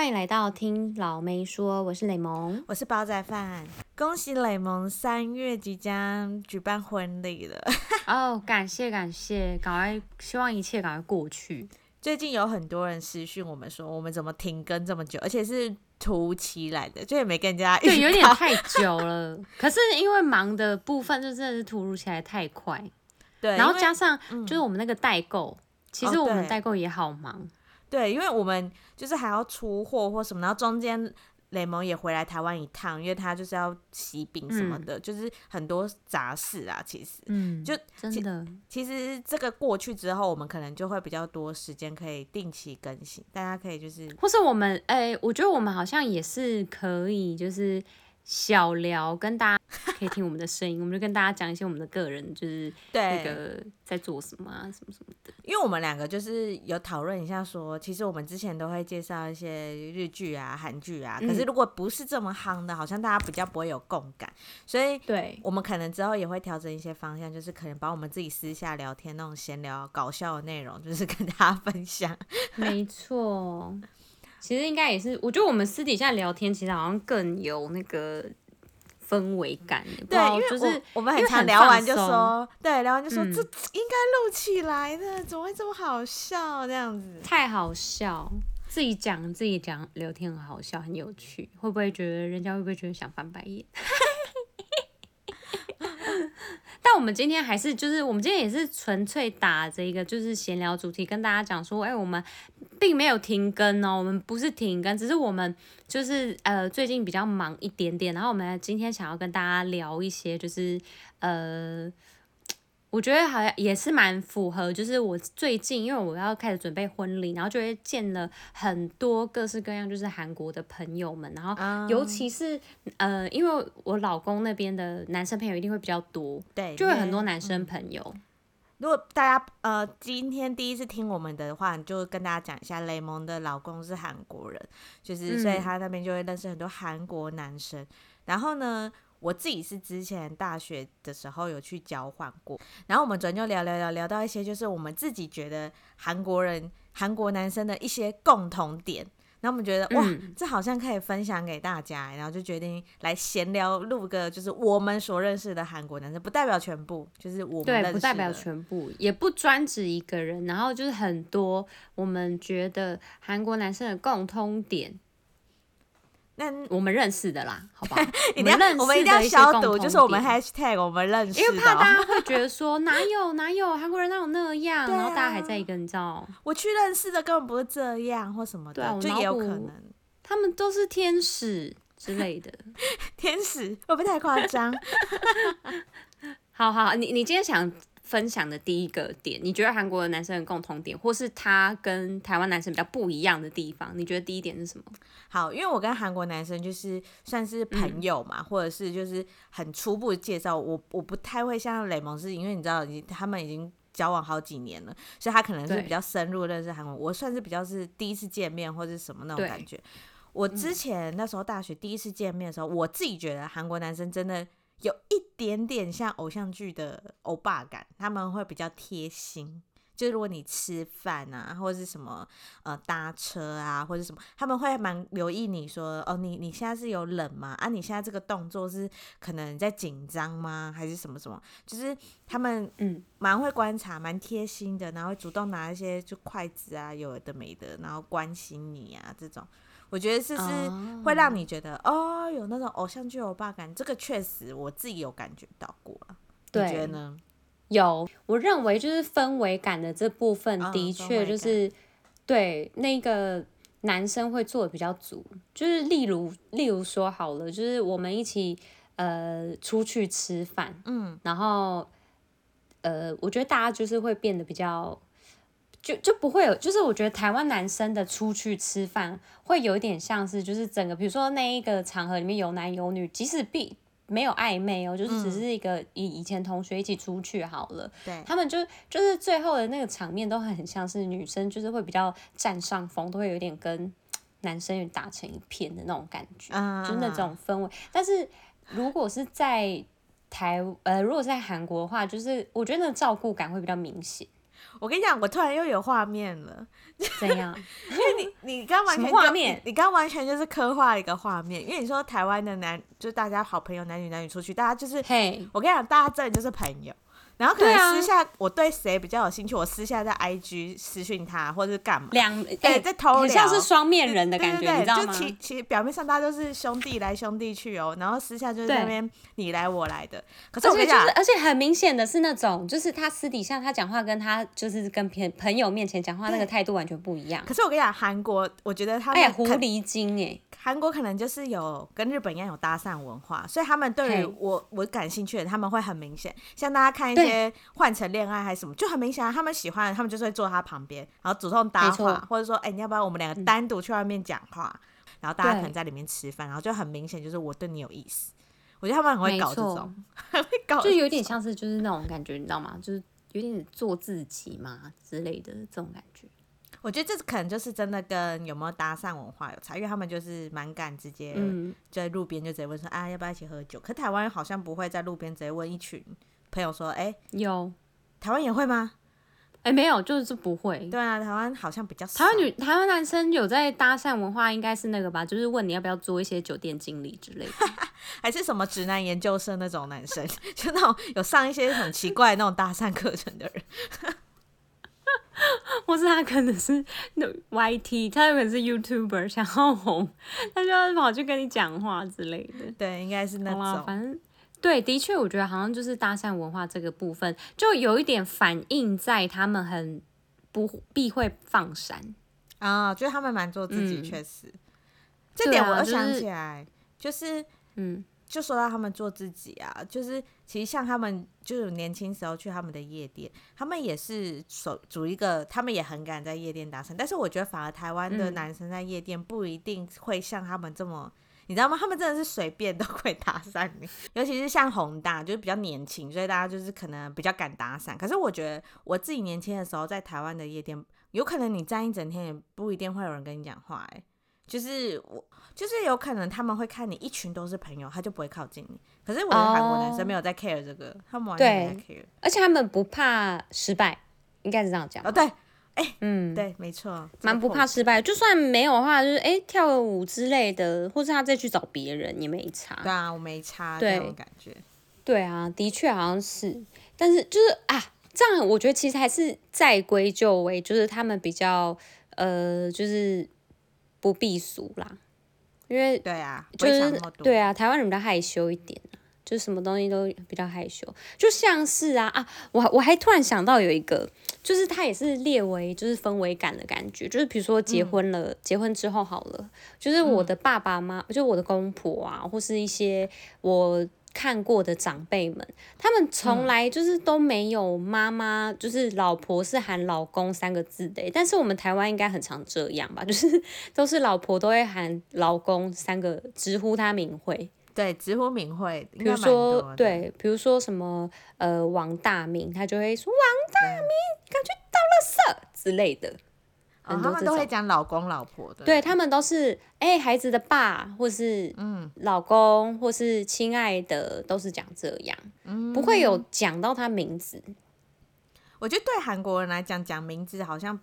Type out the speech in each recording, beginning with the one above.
歡迎來到聽老妹說，我是蕾檬，我是寶仔飯。恭喜蕾檬三月即將舉辦婚禮了。哦、 oh,，感謝感謝，趕快希望一切趕快過去。最近有很多人私訊我們說，我們怎麼停更這麼久，而且是突如其來的，就也沒跟人家對有點太久了。 可是因為忙的部分，就真的是突如其來太快。對，然後加上就是我們那個代購，嗯、其實我們代購也好忙。哦對，因為我們就是還要出貨或什麼，然後中間蕾檬也回來臺灣一趟，因為他就是要喜餅什麼的、嗯，就是很多雜事啊。其實，嗯，就真的其，其實這個過去之後，我們可能就會比較多時間可以定期更新，大家可以就是，或是我們，哎、欸，我覺得我們好像也是可以，就是。小聊跟大家可以聽我們的聲音， 我們就跟大家講一些我們的個人，就是對這個在做什麼啊，什麼什麼的。因為我們兩個就是有討論一下說，其實我們之前都會介紹一些日劇啊、韓劇啊，可是如果不是這麼夯的、嗯，好像大家比較不會有共感，所以對我們可能之後也會調整一些方向，就是可能把我們自己私下聊天那種閒聊搞笑的內容，就是跟大家分享。沒錯。 其實應該也是，我覺得我們私底下聊天，其實好像更有那個氛圍感。對，因為就是我，我們很常很很聊完就說，對，聊完就說、嗯、這應該錄起來的，怎麼會這麼好笑？這樣子太好笑，自己講自己講，聊天很好笑，很有趣。會不會覺得人家會不會覺得想翻白眼？ 但我們今天還是，就是我們今天也是純粹打着一個就是閒聊主題跟大家講說，哎、欸，我們並沒有停更哦，我們不是停更，只是我們就是呃最近比較忙一點點，然後我們今天想要跟大家聊一些，就是呃。我覺得好像也是蠻符合，就是我最近因為我要開始準備婚禮，然後就會見了很多各式各樣就是韓國的朋友們，然後尤其是、嗯、呃，因為我老公那邊的男生朋友一定會比較多，對，就會很多男生朋友。嗯、如果大家呃今天第一次聽我們的話，就跟大家講一下，蕾檬的老公是韓國人，就是所以他那邊就會認識很多韓國男生、嗯，然後呢。我自己是之前大學的時候有去交換過，然後我們轉就聊聊聊聊到一些，就是我們自己覺得韓國人、韓國男生的一些共同點，然後我們覺得哇，這好像可以分享給大家，嗯，然後就決定來閒聊，錄個就是我們所認識的韓國男生，不代表全部，就是我們的對，不代表全部，也不專指一個人，然後就是很多我們覺得韓國男生的共通點。那、嗯、我們認識的啦， 好不好？我們一定要消毒，就是我們 hashtag，我們認識的， 因為怕大家會覺得說哪有哪有韓國人那種那樣， 然後大家還在一個你知道，我去認識的根本不是這樣或什麼的，對，就也有可能他們都是天使之類的， 天使，我不太誇張。 好好，你你今天想？分享的第一個點，你覺得韓國的男生的共同點，或是他跟台灣男生比較不一樣的地方？你覺得第一點是什麼？好，因為我跟韓國男生就是算是朋友嘛，嗯、或者是就是很初步的介紹，我我不太會像蕾檬，是因為你知道已經，他們已經交往好幾年了，所以他可能是比較深入認識韓國。我算是比較是第一次見面或者什麼那種感覺。我之前那時候大學第一次見面的時候，嗯、我自己覺得韓國男生真的。有一點點像偶像劇的歐巴感，他們會比較貼心。就如果你吃飯啊，或者是什麼呃搭車啊，或者什麼，他們會蠻留意你說哦，你你現在是有冷嗎？啊，你現在這個動作是可能在緊張嗎？還是什麼什麼？就是他們嗯蠻會觀察，蠻貼心的，然後會主動拿一些就筷子啊有的沒的，然後關心你啊這種。我覺得是是會讓你覺得，oh, 哦，有那種偶像劇歐巴感，這個確實我自己有感覺到過，對，你覺得呢？有，我認為就是氛圍感的這部分，oh, 的確就是對那個男生會做的比較足。就是例如，例如說好了，就是我們一起呃出去吃飯，嗯，然後呃，我覺得大家就是會變得比較。就就不會有，就是我覺得台灣男生的出去吃飯會有一點像是，就是整個比如說那一個場合裡面有男有女，即使並沒有曖昧哦，就是只是一個以以前同學一起出去好了，對、嗯，他們就就是最後的那個場面都很像是女生就是會比較占上風，都會有點跟男生打成一片的那種感覺，嗯、就那種氛圍、嗯。但是如果是在台呃，如果是在韓國的話，就是我覺得那個照顧感會比較明顯。我跟你講，我突然又有畫面了，怎樣？ 因為你你剛完全就你剛完全就是刻畫一個畫面。因為你說台灣的男，就是大家好朋友，男女男女出去，大家就是嘿。Hey. 我跟你講，大家真的就是朋友。然後可能私下我對誰比較有興趣，啊，我私下在 IG 私訊他，或者是幹嘛，兩對、欸、在偷聊，像是雙面人的感覺，對對對，你知道嗎？其實表面上大家都是兄弟來兄弟去哦，然後私下就是那邊你來我來的。可是我跟你講，就是，而且很明顯的是那種，就是他私底下他講話跟他就是跟朋朋友面前講話那個態度完全不一樣。可是我跟你講，韓國我覺得他哎、欸、狐狸精哎。韓國可能就是有跟日本一樣有搭訕文化，所以他們對於我我感興趣的他們會很明顯，像大家看一些換乘戀愛還是什麼，就很明顯、啊，他們喜歡他們就是會坐他旁邊，然後主動搭話，或者說哎、欸、你要不要我們兩個單獨去外面講話、嗯，然後大家可能在裡面吃飯，然後就很明顯就是我對你有意思，我覺得他們很會搞這種，很會 搞這種，就有點像是就是那種感覺，你知道嗎？就是有點做自己嘛之類的這種感覺。我覺得這可能就是真的跟有沒有搭訕文化有差，因為他們就是蠻敢直接就在路邊就直接問說、嗯、啊要不要一起喝酒。可台灣好像不會在路邊直接問一群朋友說哎、欸、有台灣也會嗎？哎、欸、沒有就是不會。對啊，台灣好像比較少。台灣女台灣男生有在搭訕文化應該是那個吧，就是問你要不要做一些酒店經理之類的， 還是什麼直男研究生那種男生， 就那種有上一些很奇怪那種搭訕課程的人。 或是他可能是那 YT，他有可能是 YouTuber，想要紅，他就要跑去跟你講話之類的。對，應該是那種。反正對，的確，我覺得好像就是搭訕文化這個部分，就有一點反映在他們很不必會放閃啊，覺、哦、得他們蠻做自己，確實。這點我都想起來，就是嗯。就說到他們做自己啊，就是其實像他們，就是年輕時候去他們的夜店，他們也是手組一個，他們也很敢在夜店搭訕，但是我覺得反而台灣的男生在夜店不一定會像他們這麼，嗯、你知道嗎？他們真的是隨便都會搭訕你，尤其是像弘大，就是比較年輕，所以大家就是可能比較敢搭訕。可是我覺得我自己年輕的時候在台灣的夜店，有可能你站一整天也不一定會有人跟你講話，欸，就是我，就是有可能他們會看你一群都是朋友，他就不會靠近你。可是我在韓國男生沒有在 care 這個，oh, 他們完全沒有在 care，而且他們不怕失敗，應該是這樣講。哦、oh,，對，哎、欸，嗯，對，沒錯，蠻不怕失敗。就算沒有的話，就是哎、欸，跳個舞之類的，或是他再去找別人也沒差。對啊，我沒差，對這種感覺。對啊，的確好像是，但是就是啊，這樣我覺得其實還是在歸咎為就是他們比較呃，就是。不避俗啦，因為、就是、對啊，就是對啊，台灣人比較害羞一點，就是什麼東西都比較害羞，就像是啊啊，我我還突然想到有一個，就是它也是列為就是氛圍感的感覺，就是比如說結婚了、嗯，結婚之後好了，就是我的爸爸媽、嗯，就我的公婆啊，或是一些我。看過的長輩們，他們從來就是都沒有媽媽、嗯，就是老婆是喊老公三個字的、欸。但是我們台灣應該很常這樣吧，就是都是老婆都會喊老公三個直呼他名諱，對，直呼名諱。比如說對，比如說什麼呃王大明，他就會說王大明，趕去倒垃圾之類的。很多人、哦、都會講老公、老婆的，對，對，對他們都是哎、欸、孩子的爸，或是嗯老公嗯，或是親愛的，都是講這樣、嗯，不會有講到他名字。我覺得對韓國人來講，講名字好像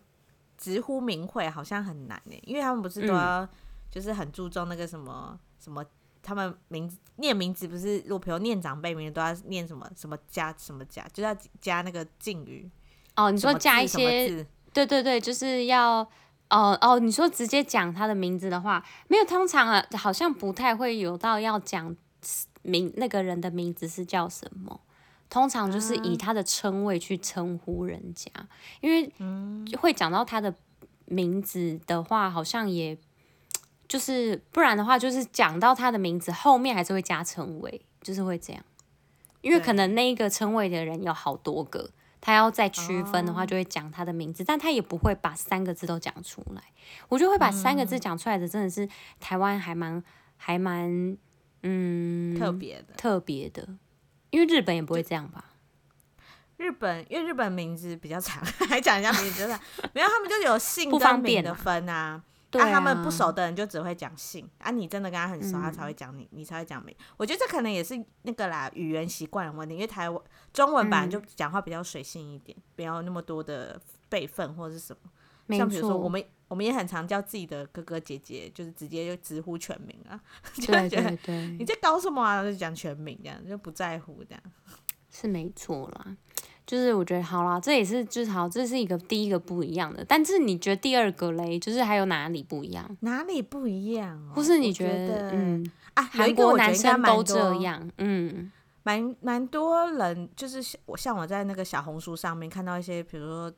直呼名諱好像很難耶，因為他們不是都要，就是很注重那個什麼、嗯、什麼，他們名念名字不是，如果譬如念長輩名字都要念什麼什麼加什麼加，就要加那個敬語。哦，你說加一些什麼字。什麼字對對對，就是要，哦哦，你說直接講他的名字的話，沒有，通常啊，好像不太會有到要講名那個人的名字是叫什麼，通常就是以他的稱謂去稱呼人家，因為會講到他的名字的話，好像也，就是不然的話，就是講到他的名字後面還是會加稱謂，就是會這樣，因為可能那一個稱謂的人有好多個。他要再區分的話，就會講他的名字，oh. 但他也不會把三個字都講出來。我就會把三個字講出來的。真的是台灣還蠻、嗯、還蠻嗯特別的，特別的，因為日本也不會這樣吧？日本因為日本名字比較長，還講一下名字 沒有，他們就有姓跟名的分啊。啊，他們不熟的人就只會講姓，啊，啊，你真的跟他很熟，嗯、他才會講你，你才會講名。我覺得這可能也是那個啦，語言習慣的問題，因為台灣中文本來就講話比較隨性一點，嗯，不要那麼多的輩分或者是什麼。像比如說，我們我們也很常叫自己的哥哥姐姐，就是直接就直呼全名啊。對對對， 你在搞什麼，啊？講全名這樣就不在乎這樣，是沒錯啦。就是我覺得好啦，這也是至少、就是、這是一個第一個不一樣的。但是你覺得第二個嘞？就是還有哪裡不一樣？哪裡不一樣、啊？或是你覺得，覺得，嗯，啊，韓國男生都這樣，嗯，蠻蠻多人，就是像我像我在那個小紅書上面看到一些，比如說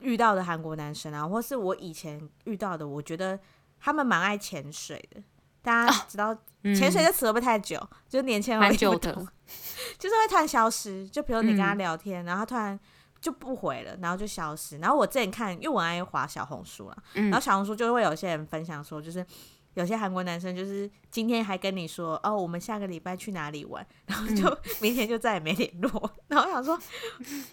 遇到的韓國男生啊，或是我以前遇到的，我覺得他們蠻愛潛水的。大家知道潛水就了。不太久，哦嗯、就年輕人就 就是會突然消失。就比如你跟他聊天，嗯，然後他突然就不回了，然後就消失。然後我之前看，因為我愛滑小紅書了，嗯，然後小紅書就會有些人分享說，就是有些韓國男生就是今天還跟你說哦，我們下個禮拜去哪裡玩，然後就、嗯、 明天就再也沒聯絡。然後我想說，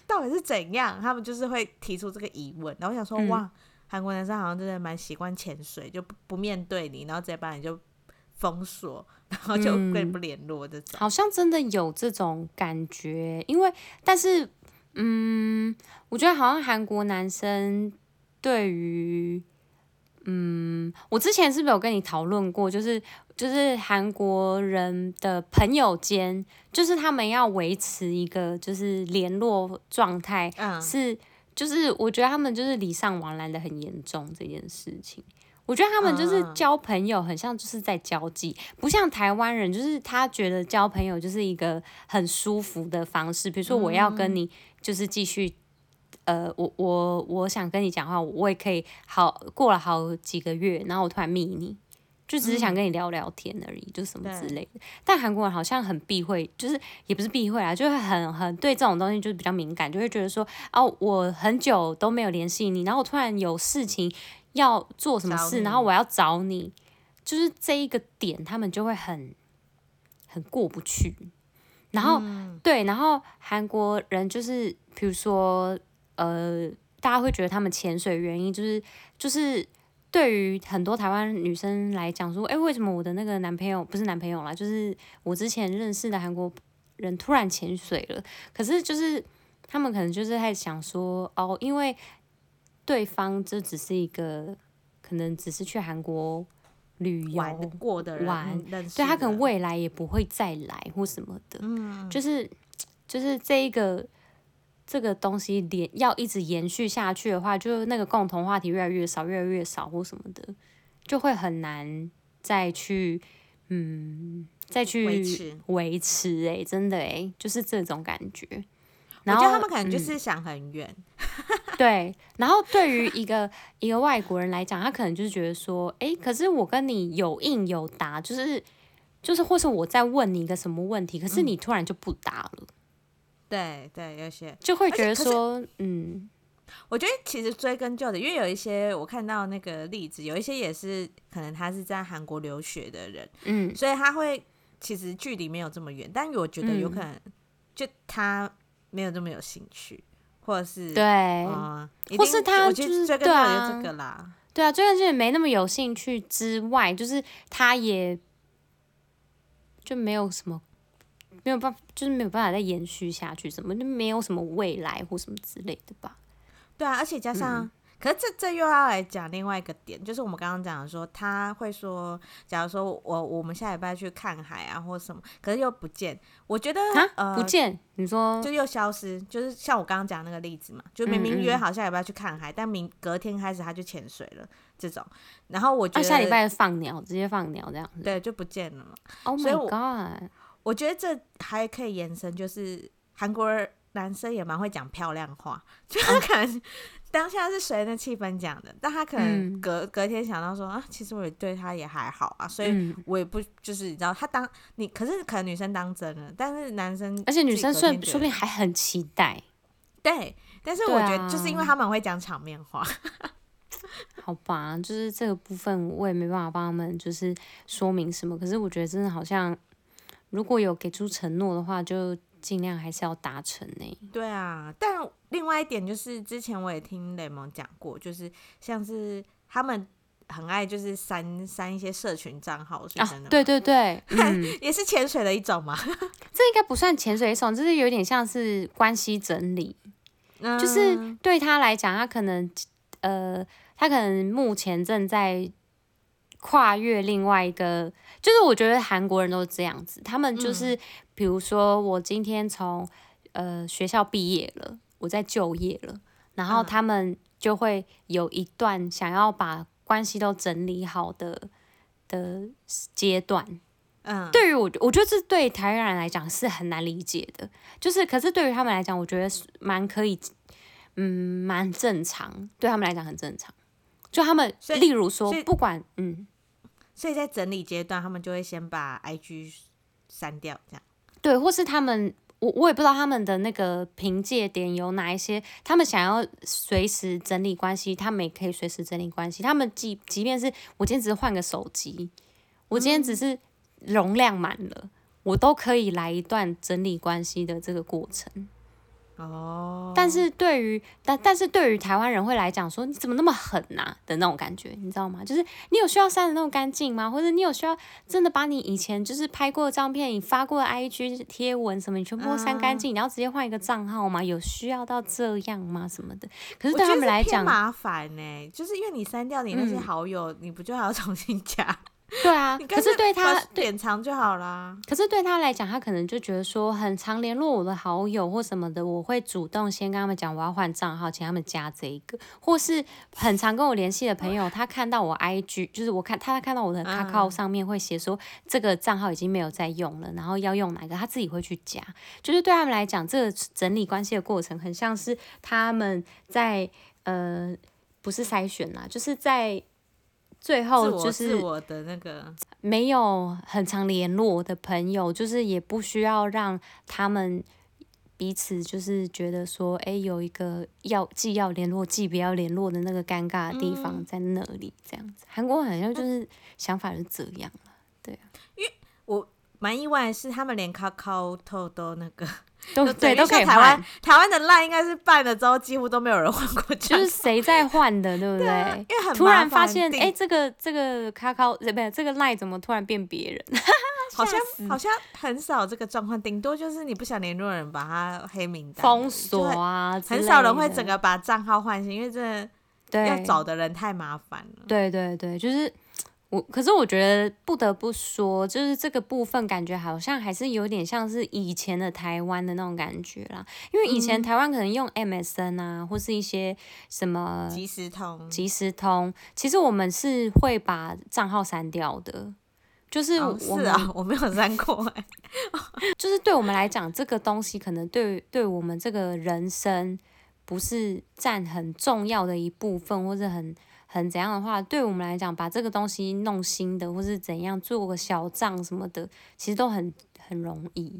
到底是怎樣？他們就是會提出這個疑問。然後我想說，嗯、哇，韓國男生好像真的蠻習慣潛水，就不不面對你，然後直接把你就封鎖，然後就更不聯絡的、嗯，好像真的有這種感覺，因為但是，嗯，我覺得好像韓國男生對於，嗯，我之前是不是有跟你討論過，就是就是韓國人的朋友間，就是他們要維持一個就是聯絡狀態、嗯，是就是我覺得他們就是禮尚往來的很嚴重這件事情。我覺得他們就是交朋友，很像就是在交際、啊，不像台灣人，就是他覺得交朋友就是一個很舒服的方式。比如說，我要跟你就是繼續，呃，我我我想跟你講話，我也可以好過了好幾個月，然後我突然密你，就只是想跟你聊聊天而已，嗯、就什麼之類的。但韓國人好像很避諱，就是也不是避諱啊，就會很很對這種東西就是比較敏感，就會覺得說啊、哦，我很久都沒有聯繫你，然後我突然有事情。要做什麼事，然後我要找你，就是這一個點，他們就會很很過不去。然後、嗯、對，然後韓國人就是，比如說，呃，大家會覺得他們潛水原因就是，就是對於很多台灣女生來講說，哎，為什麼我的那個男朋友不是男朋友啦，就是我之前認識的韓國人突然潛水了？可是就是他們可能就是在想說，哦，因為。對方這只是一個，可能只是去韓國旅遊玩，玩對他可能未來也不會再來或什麼的。嗯、就是就是這一個這個東西連要一直延續下去的話，就那個共同話題越來越少，越來越少或什麼的，就會很難再去，嗯，再去維持維持，誒、欸，真的誒、欸，就是這種感覺。然後他們可能就是想很遠，嗯，對。然後對於一個 一個外國人來講，他可能就是覺得說，哎，欸，可是我跟你有應有答，就是就是，或是我在問你一個什麼問題，可是你突然就不答了。嗯、對對，有些就會覺得說，嗯，我覺得其實追根究底，因為有一些我看到那個例子，有一些也是可能他是在韓國留學的人，嗯，所以他會其實距離沒有這麼遠，但我覺得有可能就他。嗯沒有那麼有興趣，或者是對、呃，或是他就是他有這個對啊，對啊，最近就也沒那麼有興趣之外，就是他也就沒有什麼，沒有辦法，就是沒有辦法再延續下去，什麼就沒有什麼未來或什麼之類的吧。對啊，而且加上、嗯。可是這這又要來講另外一個點，就是我們剛剛講的說他會說，假如說我我們下禮拜去看海啊，或什麼，可是又不見。我覺得、呃、不見，你說就又消失，就是像我剛剛講的那個例子嘛，就明明約好下禮拜去看海，嗯嗯，但明隔天開始他就潛水了，這種。然後我覺得、啊、下禮拜放鳥，直接放鳥這樣子，對，就不見了嘛。Oh my god！所以我，我覺得這還可以延伸，就是韓國人男生也蠻會講漂亮話，就感。當下是誰的氣氛，講的，但他可能隔隔天想到說、嗯、啊，其實我也對他也還好啊，所以我也不就是你知道，他當你可是可能女生當真了，但是男生而且女生說不定還很期待，對，但是我覺得就是因為他們會講場面話，啊、 好吧，就是這個部分我也沒辦法幫他們就是說明什麼，可是我覺得真的好像如果有給出承諾的話就。盡量還是要達成呢、欸。對啊，但另外一點就是，之前我也聽蕾檬講過，就是像是他們很愛就是刪刪一些社群賬號，是真的、啊。對對對，嗯、也是潛水的一種嘛、嗯。這應該不算潛水一種，就是有點像是關係整理、嗯。就是對他來講，他可能呃，他可能目前正在跨越另外一個。就是我覺得韓國人都是這樣子，他們就是、嗯、比如說我今天從呃學校畢業了，我在就業了，然後他們就會有一段想要把關係都整理好的的階段。嗯、對於我，我覺得這對台灣人來講是很難理解的，就是可是對於他們來講，我覺得是蠻可以，嗯，蠻正常，對他們來講很正常。就他們，例如說，不管嗯。所以在整理階段，他們就會先把 IG 刪掉，這樣，對，或是他們我我也不知道他們的那個憑借點有哪一些，他們想要隨時整理關係，他們也可以隨時整理關係。他們即即便是我今天只是換個手機，我今天只是容量滿了，嗯，我都可以來一段整理關係的這個過程。哦、oh.，但是對於但但是對於台灣人會來講說，你怎麼那麼狠吶、啊、的那種感覺，你知道嗎？就是你有需要刪的那麼乾淨嗎？或者你有需要真的把你以前就是拍過的照片，你發過的 IG 貼文什麼，你全部都刪乾淨，uh. 你要直接換一個賬號嗎？有需要到這樣嗎？什麼的？可是對他們來講，麻煩呢、欸，就是因為你刪掉你那些好友，嗯，你不就還要重新加？對啊，可是對他隱藏就好啦。可是對他來講，他可能就覺得說，很常聯絡我的好友或什麼的，我會主動先跟他們講我要換賬號，請他們加這一個，或是很常跟我聯繫的朋友，他看到我 IG，就是我看他看到我的 Kakao 上面會寫說、啊、這個賬號已經沒有在用了，然後要用哪個，他自己會去加。就是對他們來講，這個整理關係的過程，很像是他們在呃不是篩選啦，就是在。最後就是我的那個沒有很常聯絡的朋友，就是也不需要讓他們彼此就是覺得說，哎、欸，有一個要既要聯絡既不要聯絡的那個尷尬的地方在那裡，嗯、這樣子，韓國好像就是想法是這樣蠻意外的是，他們連 KakaoTalk 都那個都對， 對，台灣都換台灣台灣的賴應該是辦了之後幾乎都沒有人換過，去就是誰在換的，對 不對？因為很突然發現，哎、欸，這個這個 Kakao 這個賴怎麼突然變別人？ 好像好像很少這個狀況，頂多就是你不想聯絡人，把他黑名單的封鎖啊、就是很，很少人會整個把賬號換新，因為這要找的人太麻煩了。對，對對對，就是。我可是我覺得不得不說，就是這個部分感覺好像還是有點像是以前的台灣的那種感覺啦。因為以前台灣可能用 MSN 啊，或是一些什麼即時通，即時通。其實我們是會把賬號刪掉的，就是我，是啊，我沒有刪過。就是對我們來講，這個東西可能對對我們這個人生不是占很重要的一部分，或者很。很怎樣的話，對我們來講，把這個東西弄新的，或是怎樣做個小賬什麼的，其實都很很容易。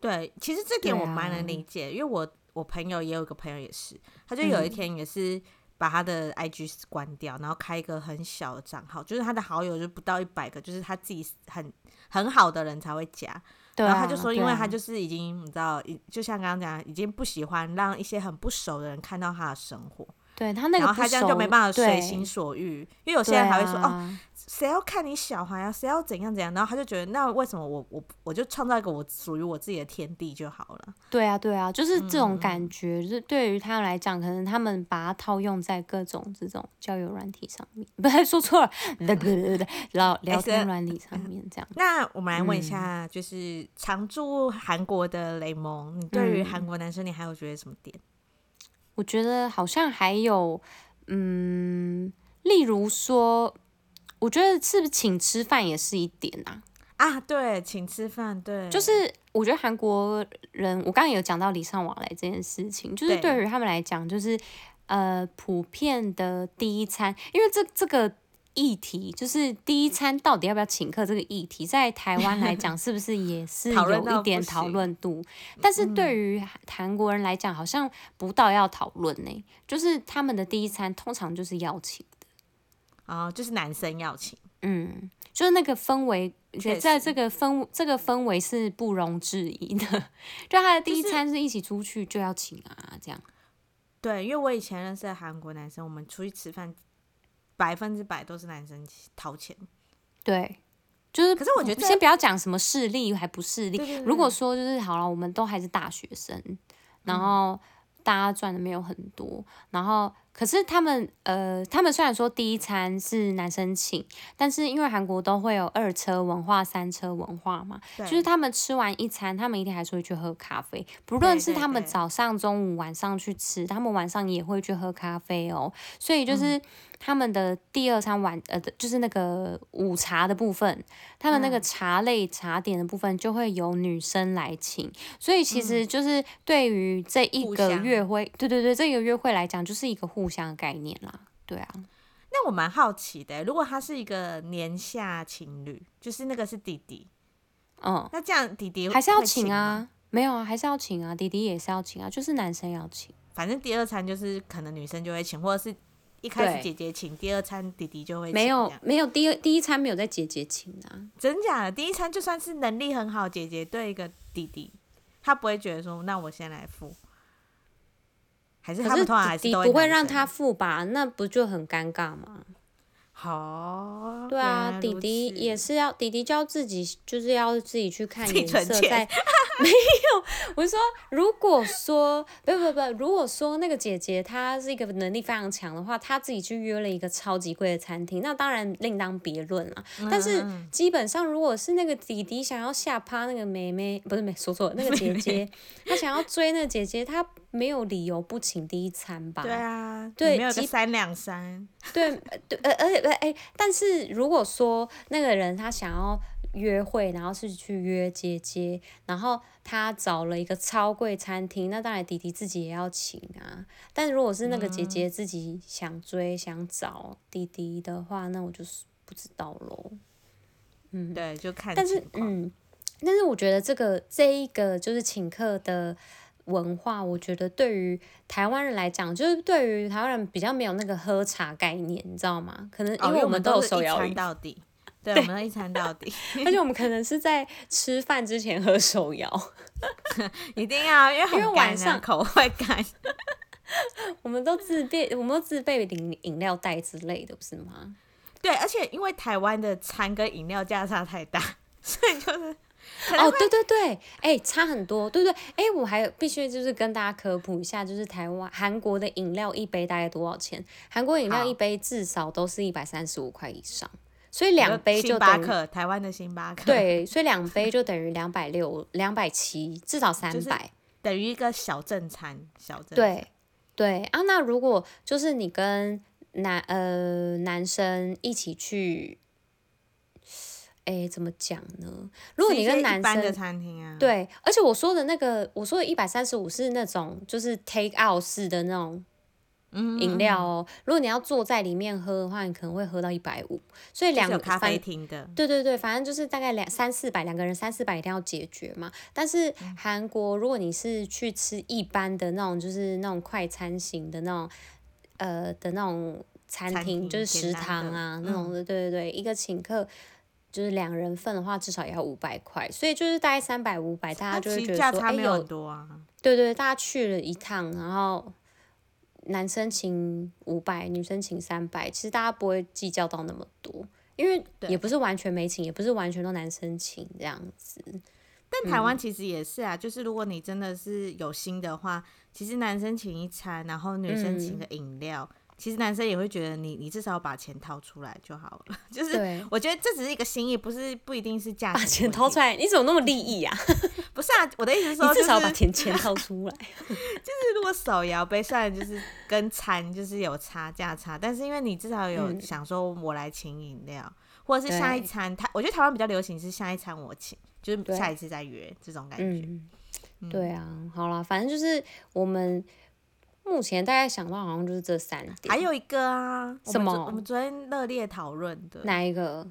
對，其實這點我蠻能理解、啊，因為我我朋友也有個朋友也是，他就有一天也是把他的 IG 關掉，嗯、然後開一個很小的賬號，就是他的好友就不到一百個，就是他自己很很好的人才會加、啊。然後他就說，因為他就是已經你知道，就像剛剛講，已經不喜歡讓一些很不熟的人看到他的生活。對他那個，然後他這樣就沒辦法隨心所欲，因為有些人還會說、啊、哦，誰要看你小孩啊？誰要怎樣怎樣？然後他就覺得那為什麼我我我就創造一個我屬於我自己的天地就好了？對啊對啊，就是這種感覺。嗯、就是、對於他來講，可能他們把它套用在各種這種交友軟體上面，不是說錯了。對對對對，聊聊天軟體上面這樣、欸嗯。那我們來問一下，就是常駐韓國的蕾檬、嗯，你對於韓國男生，你還有覺得什麼點？我覺得好像還有，嗯，例如說，我覺得是不是請吃飯也是一點吶啊，對，請吃飯，對，就是我覺得韓國人，我剛剛有講到禮尚往來這件事情，就是對於他們來講，就是呃，普遍的第一餐，因為這這個。議題就是第一餐到底要不要請客這個議題，在台灣來講是不是也是有一點討論度？但是對於韓國人來講，好像不到要討論呢。就是他們的第一餐通常就是要請的、哦，就是男生要請，嗯，就是那個氛圍，而且在這個氛這個氛圍是不容置疑的，就他的第一餐是一起出去就要請啊，就是，這樣。對，因為我以前認識韓國男生，我們出去吃飯。百分之百都是男生掏錢，對，就是。可是我覺得我先不要講什麼勢利，還不勢利。對對對對，如果說就是好了，我們都還是大學生，然後、嗯、大家賺的沒有很多，然後。可是他們呃，他們雖然說第一餐是男生請，但是因為韓國都會有二車文化、三車文化嘛，就是他們吃完一餐，他們一定還是會去喝咖啡，不論是他們早上、中午、晚上去吃，他們晚上也會去喝咖啡哦、喔。所以就是他們的第二餐晚、嗯、呃，就是那個午茶的部分，他們那個茶類茶點的部分就會由女生來請。所以其實就是對於這一個約會，對對對，這個約會來講就是一個互。互相的概念啦，對啊。那我蠻好奇的，欸，如果他是一個年下情侶，就是那個是弟弟，嗯、哦，那這樣弟弟還是要請啊請？沒有啊，還是要請啊，弟弟也是要請啊，就是男生要請。反正第二餐就是可能女生就會請，或者是一開始姐姐請，第二餐弟弟就會。沒有沒有第二、第一餐沒有在姐姐請啊？真假的？第一餐就算是能力很好，姐姐對一個弟弟，他不會覺得說那我先來付。還是還是可是迪迪不會讓他付吧？那不就很尷尬嗎？好，對啊，弟弟也是要弟弟，就要自己，就是要自己去看顏色。沒有， 我說，如果說不，不不不，如果說那個姐姐她是一個能力非常強的話，她自己去約了一個超級貴的餐廳，那當然另當別論了。但是基本上，如果是那個弟弟想要下趴那個妹妹，不是沒說錯，那個姐姐 她想要追那個姐姐，她沒有理由不請第一餐吧？對啊，對，沒有三兩三。對 對，而且哎，但是如果說那個人他想要約會，然後是去約姐姐，然後他找了一個超貴餐廳，那當然弟弟自己也要請啊。但如果是那個姐姐自己想追、嗯、想找弟弟的話，那我就是不知道嘍。嗯，對，就看但是嗯，但是我覺得這個這一個就是請客的。文化，我覺得對於台灣人來講，就是對於台灣人比較沒有那個喝茶概念，你知道嗎？可能因為我們都有手搖、哦，對，我們都一餐到底，而且我們可能是在吃飯之前喝手搖， 一定要，因為，因為晚上口會乾， 我們都自備，我們都自備飲飲料袋之類的，不是嗎？對，而且因為台灣的餐跟飲料價差太大，所以就是。哦，對對對，哎、欸，差很多，對對，對，哎、欸，我還必須就是跟大家科普一下，就是台灣、韓國的飲料一杯大概多少錢？韓國飲料一杯至少都是一百三十五塊以上，所以兩杯就星巴克，台灣的星巴克。對，所以兩杯就等於兩百六、兩百七，至少三百，就是、等於一個小正餐。小正餐對對啊，那如果就是你跟男呃男生一起去。哎，怎麼講呢？如果你跟男生一一般的餐廳、啊，對，而且我說的那個，我說的一百三十五是那種就是 take out 式的那種飲料哦、嗯。如果你要坐在裡面喝的話，你可能會喝到一百五。所以兩個咖啡廳的，對對對，反正就是大概兩三四百，兩個人三四百一定要解決嘛。但是韓國，如果你是去吃一般的那種，就是那種快餐型的那種，呃的那種餐廳，餐廳，就是食堂啊那種的、嗯，對對對，一個請客。就是兩人份的話，至少也要五百塊，所以就是大概三百五百，大家就會覺得說，沒有多啊？哎、對，對對，大家去了一趟，然後男生請五百，女生請三百，其實大家不會計較到那麼多，因為也不是完全沒請，也不是完全都男生請這樣子。但台灣其實也是啊、嗯，就是如果你真的是有心的話，其實男生請一餐，然後女生請個飲料。嗯其實男生也會覺得你，你至少把錢掏出來就好了。就是我覺得這只是一個心意，不是不一定是價錢，把錢掏出來，你怎麼那麼利益啊？ 不是啊，我的意思是說、就是，你至少把錢錢掏出來。 就是如果手搖杯雖然就是跟餐就是有差價差，但是因為你至少有想說我來請飲料、嗯，或者是下一餐我覺得台灣比較流行是下一餐我請，就是下一次再約這種感覺。嗯，對啊，嗯、好啦，反正就是我們。目前大家想到好像就是這三點，還有一個啊，什麼？我們昨,我們昨天熱烈討論的哪一個？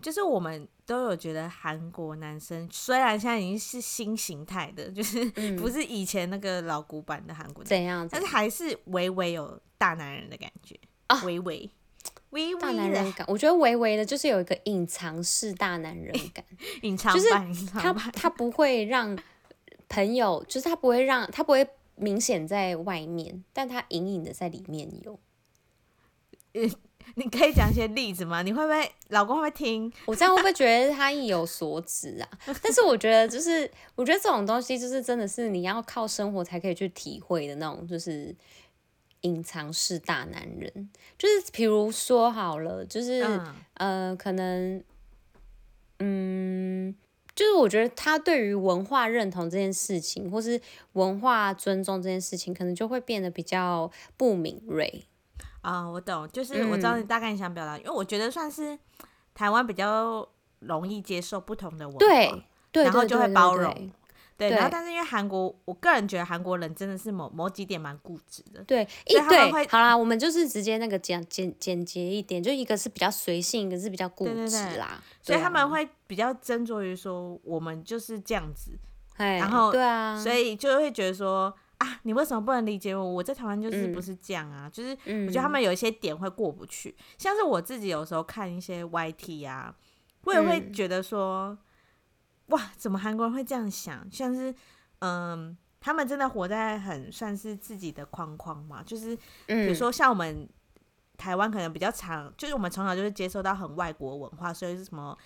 就是我們都有覺得韓國男生雖然現在已經是新形態的，就是不是以前那個老古板的韓國，怎、嗯、樣？但是還是微微有大男人的感覺微微啊，微微微微大男人感。我覺得微微的就是有一個隱藏式大男人感，隱 藏就是他他,他不會讓朋友，就是他不會讓他不會。明顯在外面，但他隱隱的在裡面有。呃，你可以講一些例子嗎？ 你會不會老公會不會聽？我這樣會不會覺得他意有所指啊？ 但是我覺得，就是我覺得這種東西，就是真的是你要靠生活才可以去體會的那種，就是隱藏式大男人，就是比如說好了，就是、嗯、呃，可能嗯。就是我覺得他對於文化認同這件事情，或是文化尊重這件事情，可能就會變得比較不敏銳。啊、呃，我懂，就是我知道你大概想表達、嗯，因為我覺得算是台灣比較容易接受不同的文化，對對對對對對對，然後就會包容。對對對對對，然後但是因為韓國，我個人覺得韓國人真的是某某幾點蠻固執的。對，所以他們會好啦。我們就是直接那個簡簡簡潔一點，就一個是比較隨性，一個是比較固執啦對對對對。所以他們會比較斟酌於說，我們就是這樣子。對然後對啊，所以就會覺得說啊，啊，你為什麼不能理解我？我在台灣就是不是這樣啊，嗯。就是我覺得他們有一些點會過不去，嗯。像是我自己有時候看一些 YT 啊，我也會覺得說。嗯哇，怎麼韓國人會這樣想？像是，嗯，他們真的活在很算是自己的框框嘛？就是、嗯，比如說像我們台灣，可能比較常，就是我們從小就是接受到很外國文化，所以是什麼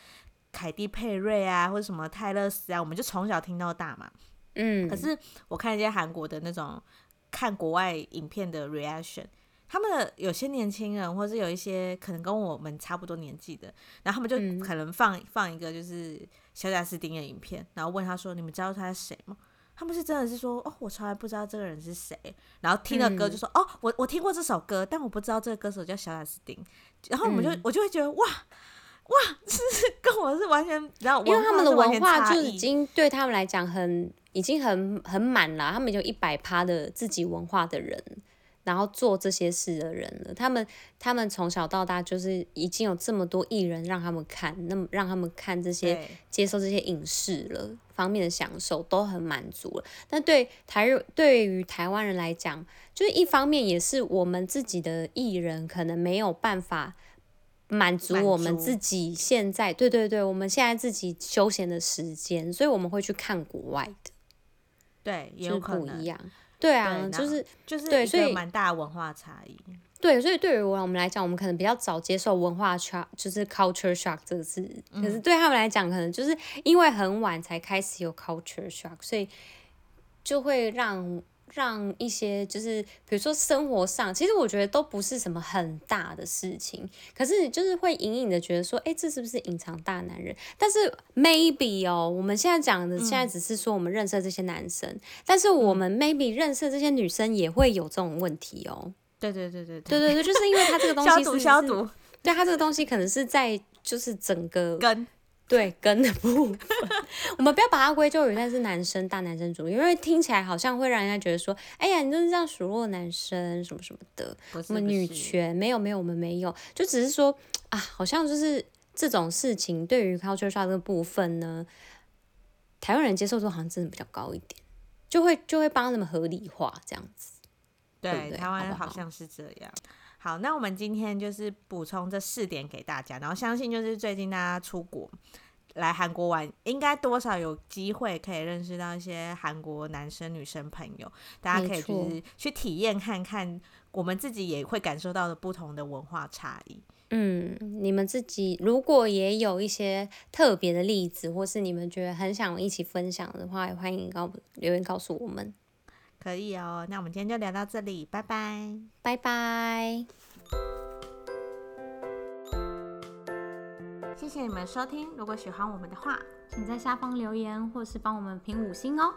凱蒂佩瑞啊，或者什麼泰勒斯啊，我們就從小聽到大嘛。嗯。可是我看一些韓國的那種看國外影片的 reaction。他們的有些年輕人，或是有一些可能跟我們差不多年紀的，然後他們就可能放、嗯、放一個就是小賈斯汀的影片，然後問他說：“你們知道他是誰嗎？”他們是真的是說：“哦，我從來不知道這個人是誰。”然後聽了歌就說：“嗯、哦，我我聽過這首歌，但我不知道這個歌手叫小賈斯汀。”然後我們就、嗯、我就會覺得：“哇哇，是，是跟我是完全……然後因為他們的文化就已經對他們來講很已經很很滿了，他們就一百趴的自己文化的人。”然後做這些事的人，他們他們從小到大就是已經有這麼多藝人讓他們看，那麼讓他們看這些接受這些影視了方面的享受都很滿足了。那對台對於台灣人來講，就是一方面也是我們自己的藝人可能沒有辦法滿足我們自己現在對對對，我們現在自己休閒的時間，所以我們會去看國外的，對，也、就是、不一樣。對啊，就是就是，對，所以蠻大的文化差異對。對，所以對於我們來講，我們可能比較早接受文化 shock 就是 culture shock 這個詞、嗯，可是對他們來講，可能就是因為很晚才開始有 culture shock，所以就會讓。讓一些就是，比如說生活上，其實我覺得都不是什麼很大的事情，可是就是會隱隱的覺得說，哎、欸，這是不是隱藏大男人？但是 maybe 哦，我們現在講的現在只是說，我們認識這些男生、嗯，但是我們 maybe 認識這些女生也會有這種問題哦。對對對對對對，對對，就是因為他這個東西是不是消毒消毒？對他這個東西可能是在就是整個跟。 對跟的部分，我們不要把它歸咎於他但是男生大男生主義，因為聽起來好像會讓人家覺得說，哎呀，你就是這樣數落男生什麼什麼的，什麼女權沒有沒有我們沒有，就只是說啊，好像就是這種事情對於 culture shock 這個部分呢，台灣人接受度好像真的比較高一點，就會就會幫他們合理化這樣子，對,對,不對台灣好,好,好像是這樣。好，那我們今天就是補充這四點給大家，然後相信就是最近大家出國來韓國玩，應該多少有機會可以認識到一些韓國男生女生朋友，大家可以就是去體驗看看，我們自己也會感受到的不同的文化差異。嗯，你們自己如果也有一些特別的例子，或是你們覺得很想一起分享的話，也歡迎告留言告訴我們。可以哦，那我們今天就聊到這裡，拜拜，拜拜。謝謝你們收聽，如果喜歡我們的話，請在下方留言，或是幫我們評五星哦。